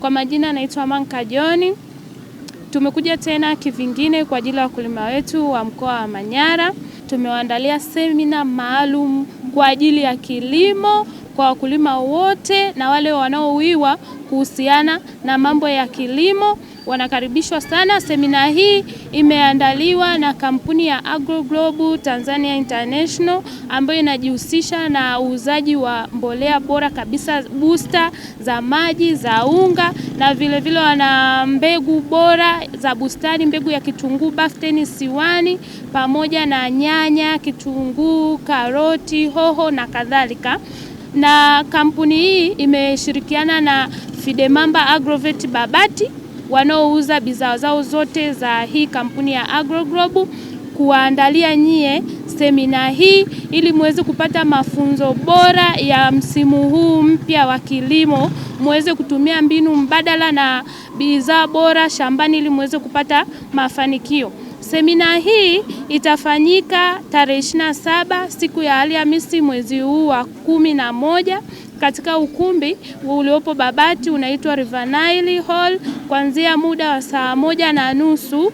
Kwa majina naitwa Manka Joni. Tumekuja tena kivingine kwa ajili ya wakulima wetu wa mkoa wa Manyara. Tumewaandalia semina maalum kwa ajili ya kilimo kwa wakulima wote na wale wanaowiwa kuhusiana na mambo ya kilimo wanakaribishwa sana. Semina hii imeandaliwa na kampuni ya Agro Globe Tanzania International ambayo inajihusisha na uuzaji wa mbolea bora kabisa, booster za maji, za unga na vilevile vile wana mbegu bora za bustani, mbegu ya kitunguu bafteni Siwani pamoja na nyanya, kitunguu, karoti, hoho na kadhalika na kampuni hii imeshirikiana na Fidemamba Agrovet Babati wanaouza bidhaa zao zote za hii kampuni ya Agroglobe kuwaandalia nyie semina hii ili muweze kupata mafunzo bora ya msimu huu mpya wa kilimo, muweze kutumia mbinu mbadala na bidhaa bora shambani ili muweze kupata mafanikio. Semina hii itafanyika tarehe 27 siku ya Alhamisi mwezi huu wa kumi na moja katika ukumbi uliopo Babati unaitwa River Nile Hall kuanzia muda wa saa moja na nusu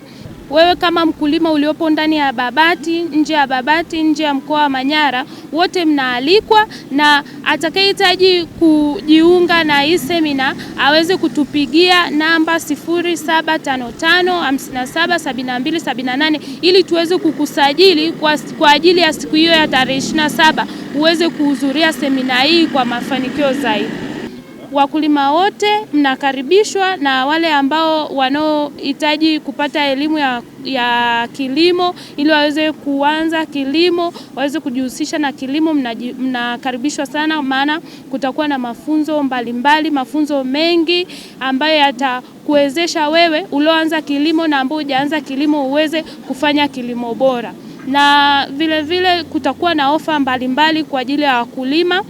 wewe kama mkulima uliopo ndani ya Babati, nje ya Babati, nje ya mkoa wa Manyara, wote mnaalikwa, na atakayehitaji kujiunga na hii semina aweze kutupigia namba 0755577278 ili tuweze kukusajili kwa, kwa ajili ya siku hiyo ya tarehe 27 uweze kuhudhuria semina hii kwa mafanikio zaidi. Wakulima wote mnakaribishwa na wale ambao wanaohitaji kupata elimu ya, ya kilimo ili waweze kuanza kilimo, waweze kujihusisha na kilimo, mnakaribishwa sana, maana kutakuwa na mafunzo mbalimbali mbali, mafunzo mengi ambayo yatakuwezesha wewe ulioanza kilimo na ambao hujaanza kilimo uweze kufanya kilimo bora, na vilevile vile kutakuwa na ofa mbalimbali kwa ajili ya wakulima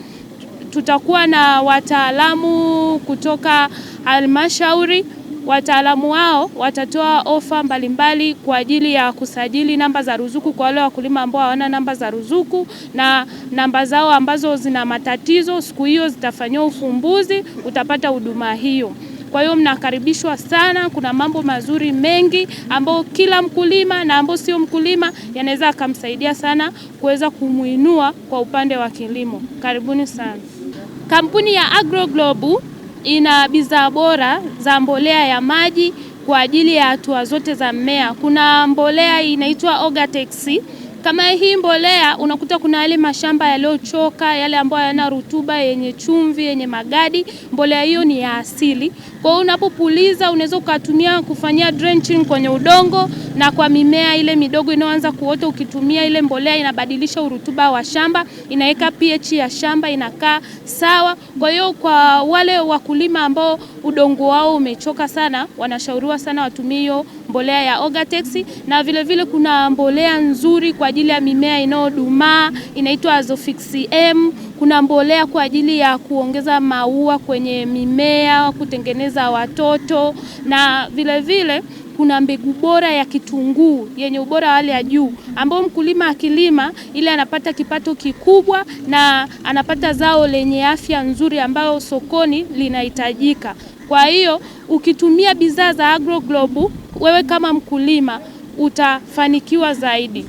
tutakuwa na wataalamu kutoka halmashauri. Wataalamu wao watatoa ofa mbalimbali kwa ajili ya kusajili namba za ruzuku kwa wale wakulima ambao hawana namba za ruzuku, na namba zao ambazo zina matatizo siku hiyo zitafanyiwa ufumbuzi, utapata huduma hiyo. Kwa hiyo mnakaribishwa sana. Kuna mambo mazuri mengi ambayo kila mkulima na ambao sio mkulima yanaweza akamsaidia sana kuweza kumwinua kwa upande wa kilimo. Karibuni sana. Kampuni ya Agro ina bidhaa bora za mbolea ya maji kwa ajili ya hatua zote za mmea. Kuna mbolea inaitwa Ogatex kama hii mbolea, unakuta kuna yale mashamba yaliyochoka, yale ambayo yana rutuba, yenye chumvi, yenye magadi. Mbolea hiyo ni ya asili, kwa hiyo unapopuliza unaweza ukatumia kufanyia drenching kwenye udongo na kwa mimea ile midogo inayoanza kuota. Ukitumia ile mbolea, inabadilisha urutuba wa shamba, inaweka pH ya shamba inakaa sawa. Kwa hiyo kwa wale wakulima ambao udongo wao umechoka sana, wanashauriwa sana watumie hiyo mbolea ya Ogatex na vilevile vile kuna mbolea nzuri kwa ajili ya mimea inayodumaa inaitwa Azofix M. Kuna mbolea kwa ajili ya kuongeza maua kwenye mimea, kutengeneza watoto na vilevile vile, kuna mbegu bora ya kitunguu yenye ubora wa hali ya juu ambao mkulima akilima ile anapata kipato kikubwa na anapata zao lenye afya nzuri ambayo sokoni linahitajika. Kwa hiyo ukitumia bidhaa za Agro Globe wewe kama mkulima utafanikiwa zaidi.